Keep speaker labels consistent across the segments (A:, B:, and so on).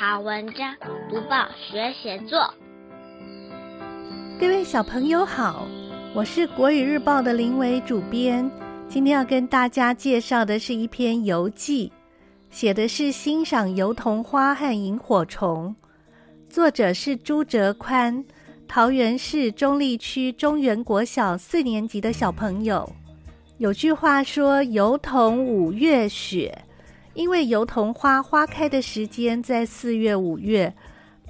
A: 好文章，讀報學寫作。各位小朋友好，我是國語日報的林瑋主編。今天要跟大家介紹的是一篇遊記，寫的是欣賞油桐花和螢火蟲。作者是朱哲寬，桃園市中壢區中原國小四年級的小朋友。有句話說：“油桐五月雪。”因為油桐花花開的時間在四月、五月，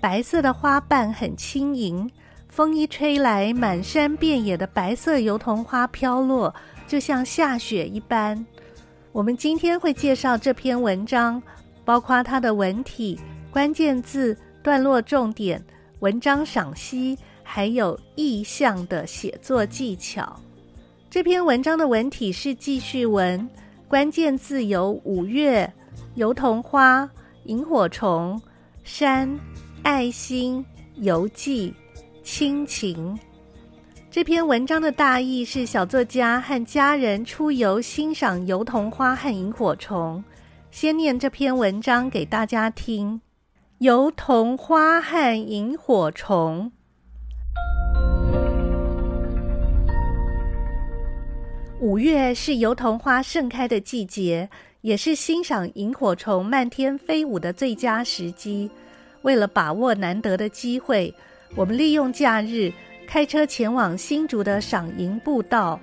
A: 白色的花瓣很輕盈，風一吹來，滿山遍野的白色油桐花飄落，就像下雪一般。我們今天會介紹這篇文章，包括它的文體、關鍵字、段落重點、文章賞析，還有意象的寫作技巧。這篇文章的文體是記敘文。關鍵字有五月、油桐花、螢火蟲、山、愛心、遊記、親情。這篇文章的大意是小作家和家人出遊，欣賞油桐花和螢火蟲。先念這篇文章給大家聽：油桐花和螢火蟲。五月是油桐花盛開的季節，也是欣賞螢火蟲漫天飛舞的最佳時機。為了把握難得的機會，我們利用假日開車前往新竹的賞螢步道。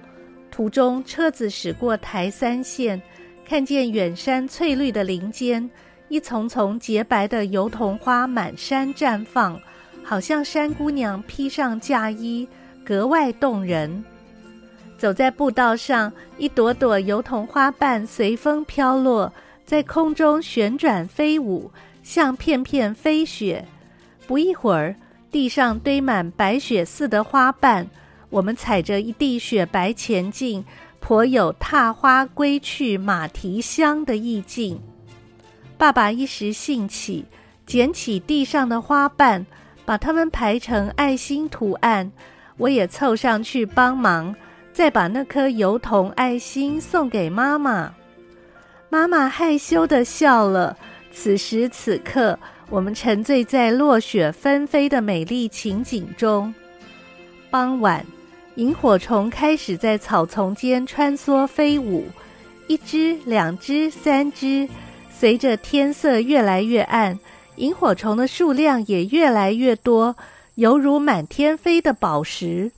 A: 途中，車子駛過台三線，看見遠山翠綠的林間，一叢叢潔白的油桐花滿山綻放，好像山姑娘披上嫁衣，格外動人。走在步道上，一朵朵油桐花瓣隨風飄落，在空中旋轉飛舞，像片片飛雪。不一會兒，地上堆滿白雪似的花瓣。我們踩着一地雪白前進，頗有踏花歸去馬蹄香的意境。爸爸一時興起，撿起地上的花瓣，把它們排成愛心圖案。我也湊上去幫忙。再把那顆油桐愛心送給媽媽，媽媽害羞地笑了。此時此刻，我們沉醉在落雪紛飛的美麗情景中。傍晚，螢火蟲開始在草叢間穿梭飛舞，一隻、兩隻、三隻，隨着天色越來越暗，螢火蟲的數量也越來越多，猶如滿天飛的寶石。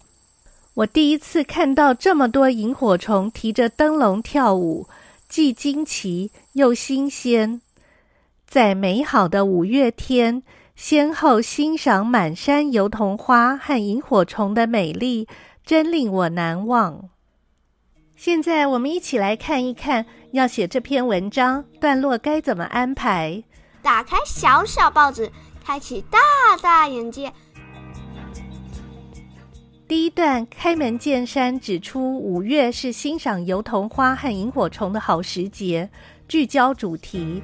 A: 我第一次看到這麼多螢火蟲提着燈籠跳舞，既驚奇又新鮮。在美好的五月天，先後欣賞滿山油桐花和螢火蟲的美麗，真令我難忘。現在我們一起來看一看，要寫這篇文章段落該怎麼安排。打開小小報紙，開啟大大眼界。第一段開門見山指出五月是欣賞油桐花和螢火蟲的好時節，聚焦主題。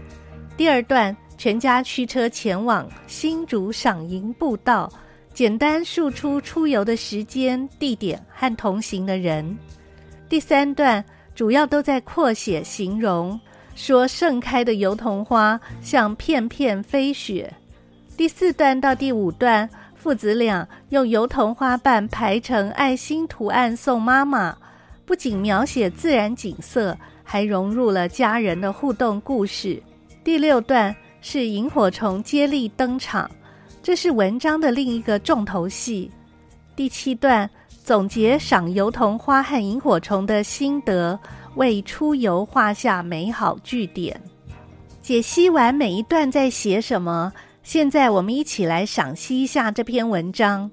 A: 第二段全家驅車前往新竹賞螢步道，簡單述出出遊的時間、地點和同行的人。第三段主要都在擴寫、形容，說盛開的油桐花像片片飛雪。第四段到第五段。父子倆用油桐花瓣排成愛心圖案送媽媽，不僅描寫自然景色，還融入了家人的互動故事。第六段是螢火蟲接力登場，這是文章的另一個重頭戲。第七段總結賞油桐花和螢火蟲的心得，為出遊畫下美好句點。解析完每一段在寫什麼。現在我們一起來賞析一下這篇文章。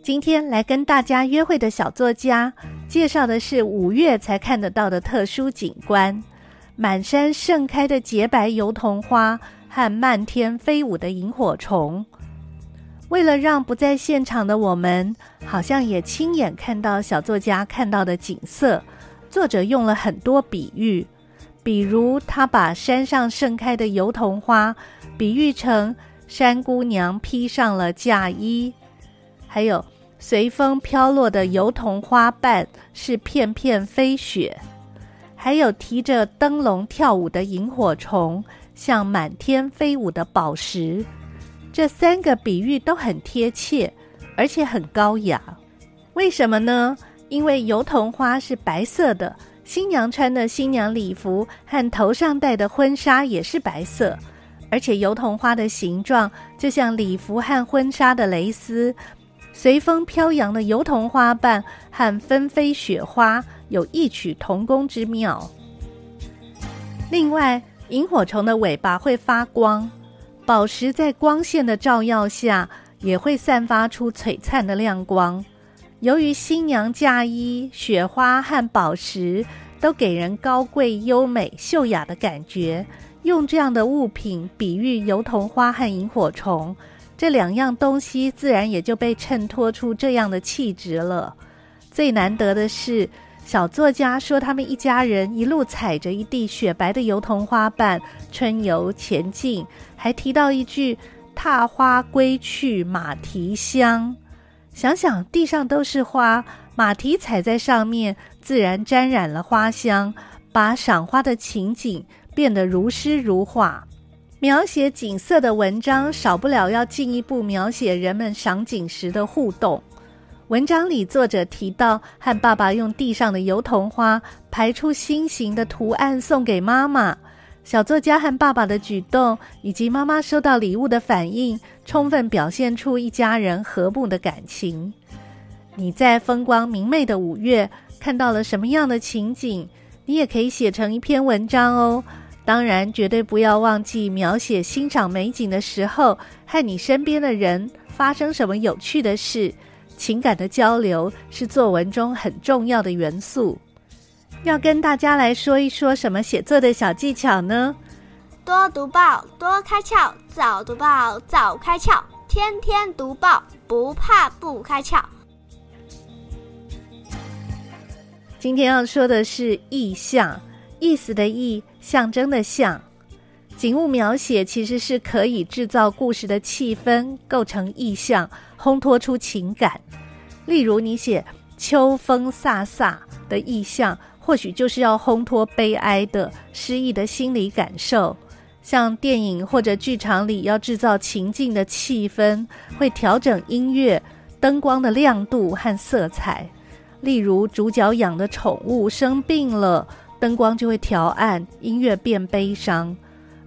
A: 今天來跟大家約會的小作家，介紹的是五月才看得到的特殊景觀——滿山盛開的潔白油桐花和漫天飛舞的螢火蟲。為了讓不在現場的我們好像也親眼看到小作家看到的景色，作者用了很多比喻。比如，他把山上盛開的油桐花比喻成山姑娘披上了嫁衣，還有隨風飄落的油桐花瓣是片片飛雪，還有提着燈籠跳舞的螢火蟲像滿天飛舞的寶石。這三個比喻都很貼切，而且很高雅。為什麼呢？因為油桐花是白色的。新娘穿的新娘禮服和頭上戴的婚紗也是白色，而且油桐花的形狀就像禮服和婚紗的蕾絲，隨風飄揚的油桐花瓣和紛飛雪花有異曲同工之妙。另外，螢火蟲的尾巴會發光，寶石在光線的照耀下也會散發出璀璨的亮光。由於新娘嫁衣、雪花和寶石都給人高貴、優美、秀雅的感覺，用這樣的物品比喻油桐花和螢火蟲，這兩樣東西自然也就被襯托出這樣的氣質了。最難得的是，小作家說他們一家人一路踩着一地雪白的油桐花瓣春遊前進，還提到一句“踏花歸去馬蹄香”。想想地上都是花，馬蹄踩在上面，自然沾染了花香，把賞花的情景變得如詩如畫。描寫景色的文章，少不了要進一步描寫人們賞景時的互動。文章裡作者提到，和爸爸用地上的油桐花排出心形的圖案，送給媽媽。小作家和爸爸的舉動，以及媽媽收到禮物的反應，充分表現出一家人和睦的感情。你在風光明媚的五月看到了什麼樣的情景？你也可以寫成一篇文章哦。當然，絕對不要忘記描寫欣賞美景的時候和你身邊的人發生什麼有趣的事。情感的交流是作文中很重要的元素。要跟大家來說一說什麼寫作的小技巧呢？多讀報，多開竅；早讀報，早開竅；天天讀報，不怕不開竅。今天要說的是意象，意思的意，象徵的象。景物描寫其實是可以製造故事的氣氛，構成意象，烘托出情感。例如，你寫秋風颯颯的意象。或許就是要烘托悲哀的、失意的心理感受，像電影或者劇場裡要製造情境的氣氛，會調整音樂、燈光的亮度和色彩。例如，主角養的寵物生病了，燈光就會調暗，音樂變悲傷。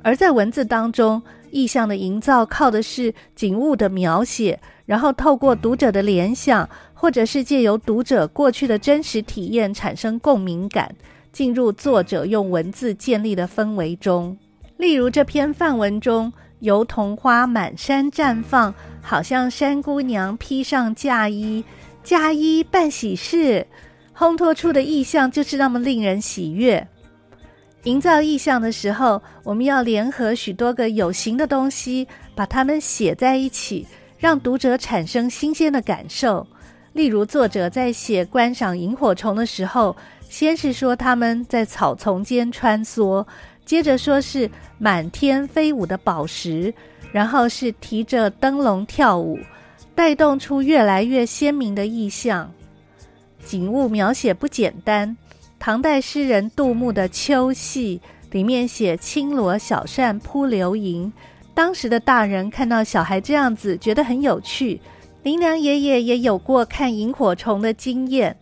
A: 而在文字當中，意象的營造靠的是景物的描寫，然後透過讀者的聯想，或者是借由讀者過去的真實體驗產生共鳴感，進入作者用文字建立的氛圍中。例如這篇範文中，油桐花滿山綻放，好像山姑娘披上嫁衣，嫁衣辦喜事，烘托出的意象就是那麼令人喜悅。營造意象的時候，我們要聯合許多個有形的東西，把它們寫在一起，讓讀者產生新鮮的感受。例如，作者在寫觀賞螢火蟲的時候，先是說它們在草叢間穿梭，接着說是滿天飛舞的寶石，然後是提着燈籠跳舞，帶動出越來越鮮明的意象。景物描寫不簡單。唐代詩人杜牧的《秋夕》裡面寫“輕羅小扇撲流螢”，當時的大人看到小孩這樣子覺得很有趣。林良爺爺也有過看螢火蟲的經驗，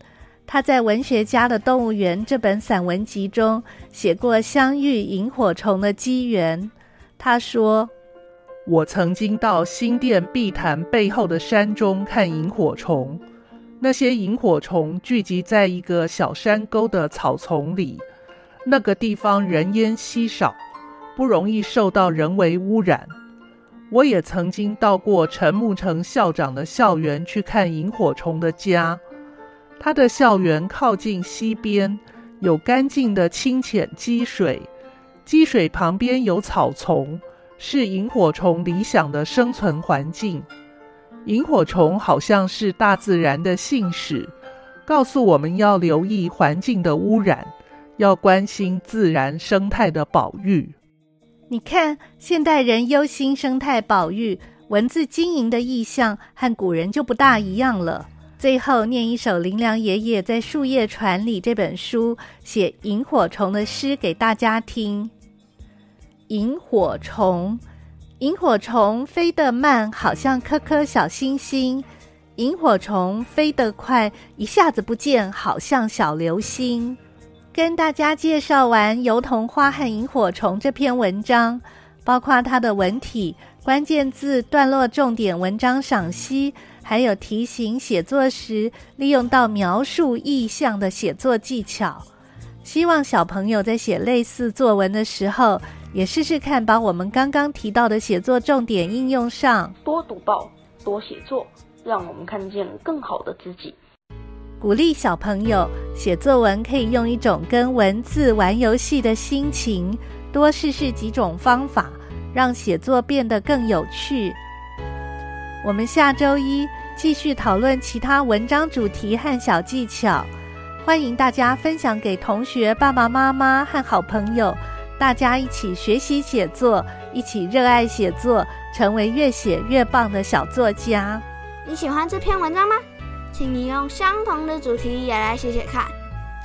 A: 他在《文學家的動物園》這本散文集中寫過相遇螢火蟲的機緣。他說：“我曾經到新店碧潭背後的山中看螢火蟲。”那些螢火蟲聚集在一個小山溝的草叢裡，那個地方人煙稀少，不容易受到人為污染。我也曾經到過陳木成校長的校園去看螢火蟲的家。他的校園靠近溪邊，有乾淨的清淺積水，積水旁邊有草叢，是螢火蟲理想的生存環境。螢火蟲好像是大自然的信使，告訴我們要留意環境的污染，要關心自然生態的保育。你看，現代人憂心生態保育，文字經營的意象和古人就不大一樣了。最後，念一首林良爺爺在《樹葉船》裡這本書寫螢火蟲的詩給大家聽：螢火蟲。螢火蟲飛得慢，好像顆顆小星星；螢火蟲飛得快，一下子不見，好像小流星。跟大家介紹完《油桐花和螢火蟲》這篇文章，包括它的文體、關鍵字、段落重點、文章賞析，還有提醒寫作時利用到描述意象的寫作技巧。希望小朋友在寫類似作文的時候。也試試看，把我們剛剛提到的寫作重點應用上，多讀報，多寫作，讓我們看見更好的自己。鼓勵小朋友寫作文，可以用一種跟文字玩遊戲的心情，多試試幾種方法，讓寫作變得更有趣。我們下周一繼續討論其他文章主題和小技巧，歡迎大家分享給同學、爸爸媽媽和好朋友。大家一起學習寫作，一起熱愛寫作，成為越寫越棒的小作家。你喜歡這篇文章嗎？請你用相同的主題也來寫寫看。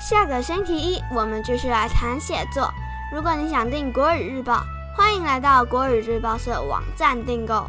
A: 下個星期一，我們繼續來談寫作。如果你想訂國語日報，歡迎來到國語日報社網站訂購。